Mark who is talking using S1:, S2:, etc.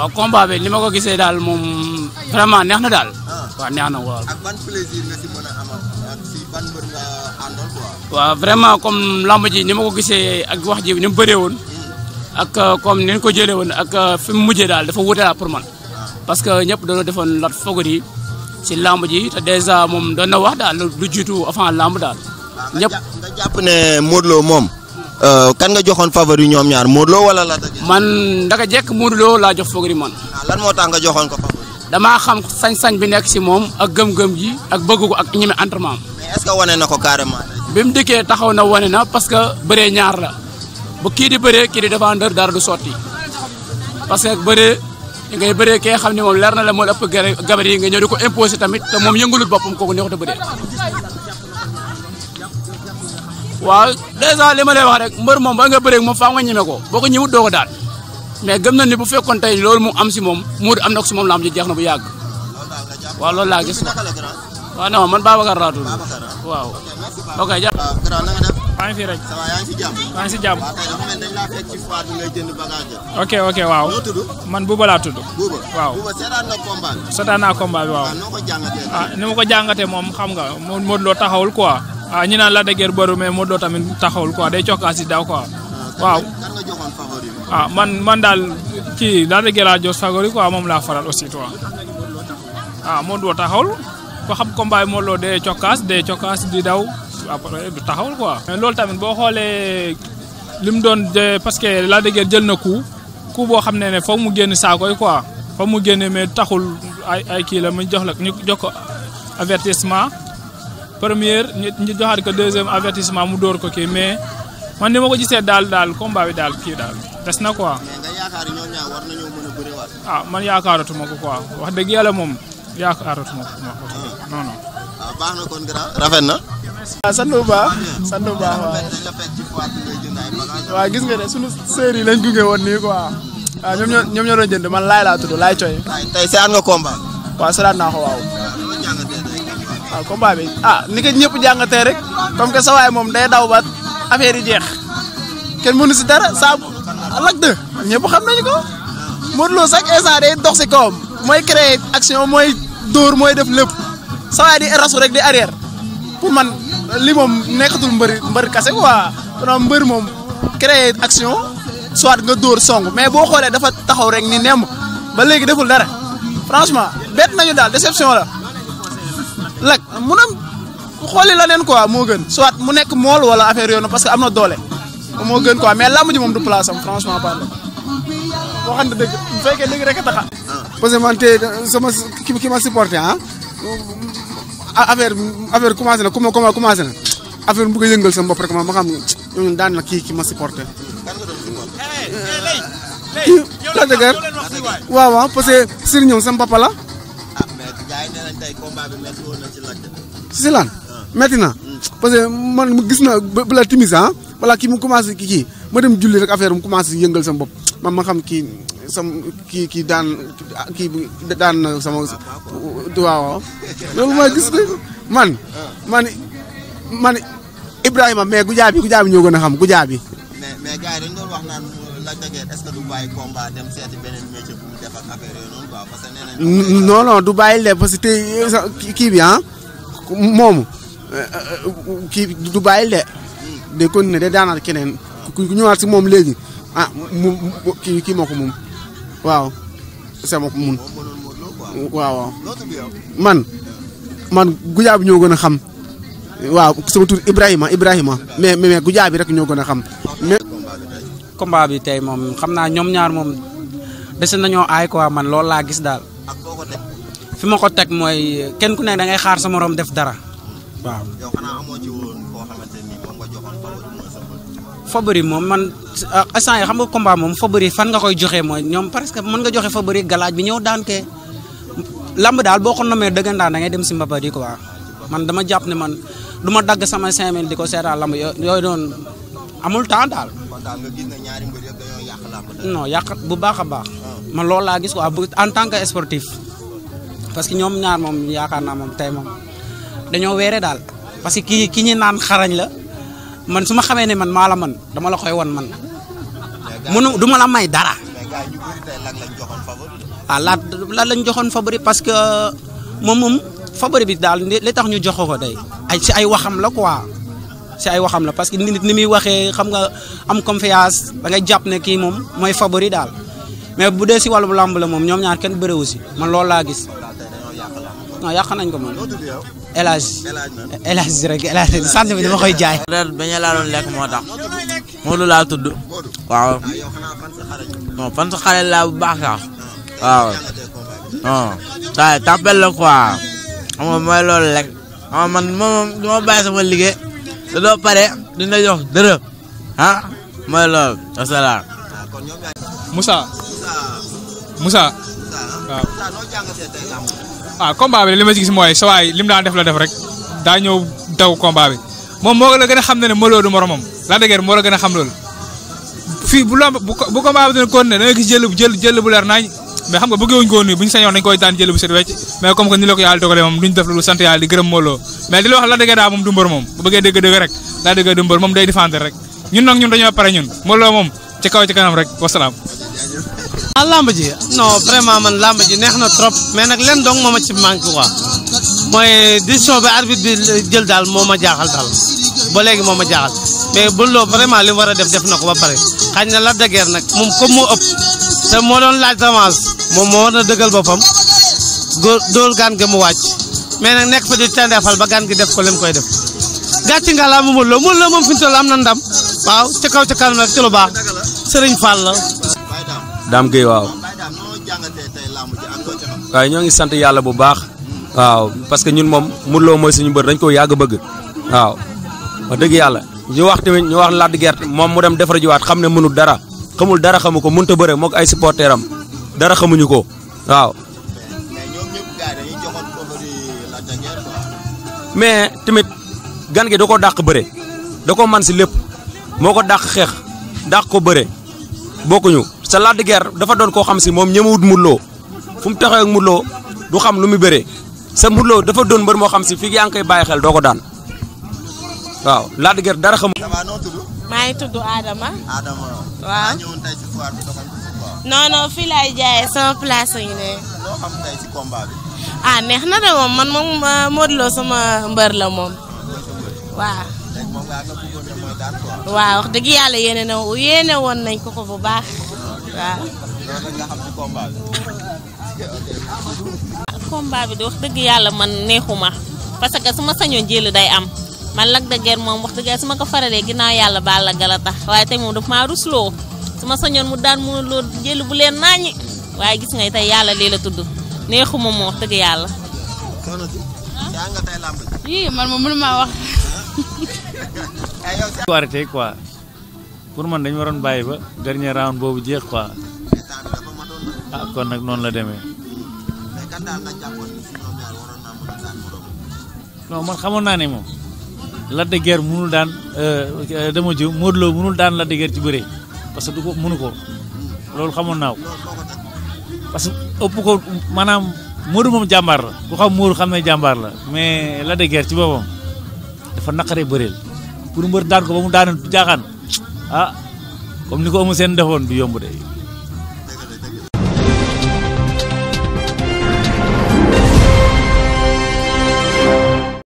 S1: waaw combat bi ni ma ko gisee daal moom vraiment neex na daal. Ah. waaw neex na waaw. vraiment comme lamb ji ni ma ko gisee ak wax ji ni mu bëree woon. Hmm. ak euh, comme ni ko jëlee woon ak euh, fi mu mujjee daal dafa wute la pour man. Ah. parce que ñëpp dañoo defoon lat foog yi si lamb ji te dèjà moom doon na wax daal lu jiitu avant lamb daal. Ah, ñëpp nga
S2: jàpp ne Modou Lo moom. Euh, kan nga joxoon favori ñoom ñaar Modou Lo wala
S1: Lac de Guiers. man ndaka jekk Modou Lo laa jox favori man. Ah, lan moo tax joxoon ko favori. damaa xam sañ-sañ bi nekk si moom ak gëm-gëm ji ak bëgg ko ak ñeme entraînement mais est wane na ko carrément. bi mu dikkee taxaw na wane na parce que bëree ñaar la bu kii di bëree kii di défendre dara du sotti parce que bëree ngay bëree kee xam ne moom leer na la moo ëpp gabar yi nga ñëw di ko imposer tamit te moom yëngulut boppam kooku neexut a bëree. waaw dèjà li ma lay wax rek mbër moom ba nga bëreeg moom faa nga ñeme ko boo ko ñëwut doo ko daal mais gëm na ni bu fekkoon tey loolu mu am si moom Modou am na ko si moom la am ji jeex na bu yàgg waaw loolu laa gis waaw non man Babacar laa tudd waaw ok ngi si jàmm ok waaw
S2: man Bouba laa tudd waaw seetaan naa combat bi waaw ah ni ma ko jàngatee moom xam nga Modou Lo quoi waaw ah, ñu naan Lac de Guiers bëru mais Modou Lo tamit taxawul ko day cokkaas si ko quoi. Ah, ah, man man daal kii Lac de Guiers laa jox favori moom laa faral aussi toi ah Modou Lo taxawul ko xam combat bi Modou Lo day cokkaas day cokkaas di daw après du taxawul quoi. mais loolu tamit boo xoolee li mu doon parce que Lac de jël na coup coup boo xam ne ne foog mu génn saako yi quoi foog mu génne mais taxul ay ay kii la mu jox la ñu jox ko avertissement. première ñu joxaat ko deuxième avertissement mu dóor ko kii mais man ni ma ko gisee daal daal combat bi daal kii daal des na quoi. mais nga yaakaar ñoo ñaar war ah, man yaakaaratuma ko wax dëgg yàlla moom yaakaaratuma ko ah. non non. waaw ah, baax na kon grand rafet na. waaw gis nga ne sunu sœurs yi lañ gunge woon nii quoi waaw ñoom ñoo ñoom ñoo doon jënd man laay laa tudd laay coy. tey seetaan nga combat. Kombabi, combat bi ah ni ko ñepp jangate rek comme que sa way mom day daw ba affaire yi jeex ken mënu ci dara sa lak de ñepp xam nañ ko modlo sax chaque day dox ci kom moy créer action moy door moy def lepp sa way di rasu rek di arrière pour man li mom nekkatul mbeur mbeur kasse quoi maanaam mbeur mom créer action soit nga door song mais bo xolé dafa taxaw rek ni nem ba légui deful dara franchement bett nañu dal déception la lek munam xolé la len quoi mo gën soit mu nek mol wala affaire yone parce que amna doole mo gën quoi mais lamb ji mom du place am franchement parle xande deug fekke deug rek taxa parce que man té sama ki ki ma supporter hein
S3: ah, affaire affaire commencé na comment comment commencé na affaire bu ko yeungal sama bop rek ma xam ñu daan na ki ki ma supporter Hey, hey, hey, hey, yow
S2: combat bi métti na
S3: ci si lan ah. métti na. Hmm. parce que man gis na balaa timis ah balaa kii mu commencé kii kii ma dem julli rek affaire mu commencé yëngal sama bopp man ma xam kii sam kii kii daan ah, kii daan na sama. Ah, waaw loolu mooy gis nga man. man man Ibrahima mais gu jaabi gu jaabi gën a xam gu jaabi. mais non non du bàyyi de parce que tey kii bi ah moom kii du bàyyi de day continuer day daanaat keneen ku ñëwaat si moom léegi ah mu kii kii moo moom waaw sama ko mun waaw man man gujaa bi ñoo gën a xam waaw Ibrahima Ibrahima mais mais
S4: gujaa bi rek ñoo gën a xam mais bi tey moom xam naa ñoom ñaar moom dese nañoo aay quoi man loolu laa gis daal. ak foo ko teg. fi ma ko teg mooy kenn ku nekk da ngay xaar sa morom def dara. waaw yow xanaa amoo ci woon koo xamante ni moom nga joxoon favori mooy sa favori moom man ah, instant yi xam nga combat moom favori fan nga koy joxe mooy ñoom presque mën nga joxe favori galaaj bi ñëw daan kee. lamb daal boo ko nomee dëggantaan da ngay dem si mbapat yi quoi man dama jàpp ne man du ma dagg sama 5000 di ko seetaan lamb yooyu noonu amul temps daal.
S3: kon daal nga gis ne ñaari mbir
S4: no yak bu baax a baax. Oh. man loolu la gis ko en tant que sportif. parce que ñom ñaar mom yaakaar naa moom tey moom dañoo weere parce que ki ki ñu naan xarañ la man suma xamé né man mala man dama la koy won man. munu duma la may dara. ah la lañ joxon favori parce que mom favori bi dal li tax ñu joxoko day ay ci ay waxam la quoi. si ay waxam parce que nit ni muy waxee xam nga am confiance da ngay jàpp ne kii moom mooy favori daal mais bu dee si wàllum làmb la moom ñoom ñaar kenn bëreewu si man loolu laa gis. non yàq nañ ko moom El rek El sant bi dama koy jaay. a laaloon lekk moo tax Modou laa tudd waaw ah, non fan sa xale laa ah, tapel la quoi xam nga mooy loolu lekk xam nga man moom du te doo pare dina jox
S1: dërëm ah mooy loolu wasalaam. Moussa. Moussa. waaw. Ah, ah combat bi li ma ci gis mooy sawaay lim daan def la def rek daa ñëw daw combat bi moom moo la gën a xam ne ne Modou Lô du moromam la dëgër moo gën a xam loolu. fii bu lomb bu combat bi dina continuer gis jël jël jël nañ mais xam nga bëggewuñ ko ni buñ sañoon dañ koy daan jël bu set wecc mais comme que ni la ko yàlla dogalee moom duñ def lu sant yàlla di gërëm mbooloo mais di la wax la dëgg daa moom du mbër moom bu bëggee dëgg dëgg rek daa dëgg du mbër moom day défendre rek ñun nag ñun dañoo pare ñun mbooloo moom ci kaw ci kanam rek wasalaam ah lamb ji non vraiment man lamb ji neex na trop mais nag len dong moma ci manque quoi
S4: mooy décision bi arbitre bi jël daal moo ma jaaxal daal ba léegi moo ma jaaxal mais bu loo vraiment li mu war a def def na ko ba pare xañ na la de guerre nag moom comme moo ëpp te moo doon laaj avance mom mo wona deugal bopam dool gan ga mu wacc mais nak nek fa di tande fal ba gan gi def ko lim koy def gàcce nga la mu mën loo mën loo moom fi ñu toll am na ndam waw ci kaw ci kanam rek ci lu baax Serigne Fall dam Dame waw kay waaye ñoo ngi sante yalla bu baax. waw parce que ñun mom Modou Lo moy suñu mbër dañ ko yag bëgg waw wa deug yalla ñu wax tamit ñu wax la di gert mom mu dem defar jiwaat wat xamne mënu dara xamul dara xamuko ko mënut a bëre moog ay supporteram dara xamuñu ko waaw mais timit gan gi dako ko beure dako man ci lepp moko ko xex xeex ko beure bokkuñu sa la de guerre dafa don ko xam si mom ñëmewut mulo fum taxé ak Modou du xam lu mi beure sa Modou dafa don mbër mo xam si fi yaa koy xel dako daan waaw la de guerre dara xamu
S3: maa Adama Adama
S2: waaw
S3: non non fii laay jaayee sama place ngi ne. ah neex na de moom man ma Modou Lo sama mbër la moom.
S2: waaw. wax dëgg yàlla
S3: yéene na yéene woon nañ ko ko bu baax waaw.
S2: combat bi de wax dëgg yàlla man neexuma parce que su ma sañoon jël day am man Lac de Guiers moom wax dëgg yàlla su ma ko faralee ginnaaw yàlla baal la gala tax waaye tey moom daf maa rusloo. suma soñon mu daan mu loo jël bu len nañ waaye gis nga tay yalla leela tuddu neexuma mo wax deug yalla
S4: yi man mo mënuma wax
S1: ko quoi pour man dañ waron baye ba dernier round bobu jeex quoi ah kon nak non la démé kan non man xamona naa mo la de guerre munul daan dama ju modlo Lo munul daan la de guerre ci bëree parce que du ko mënu ko loolu xamoon naa ko parce que ëpp ko maanaam Modou moom jàmbaar la ku xam Modou xam ne jàmbaar la mais la de guerre ci boppam dafa naqaree bëreel pour mbër daan ko ba mu daanu jaaxaan ah comme ni ko amu seen defoon du yomb de.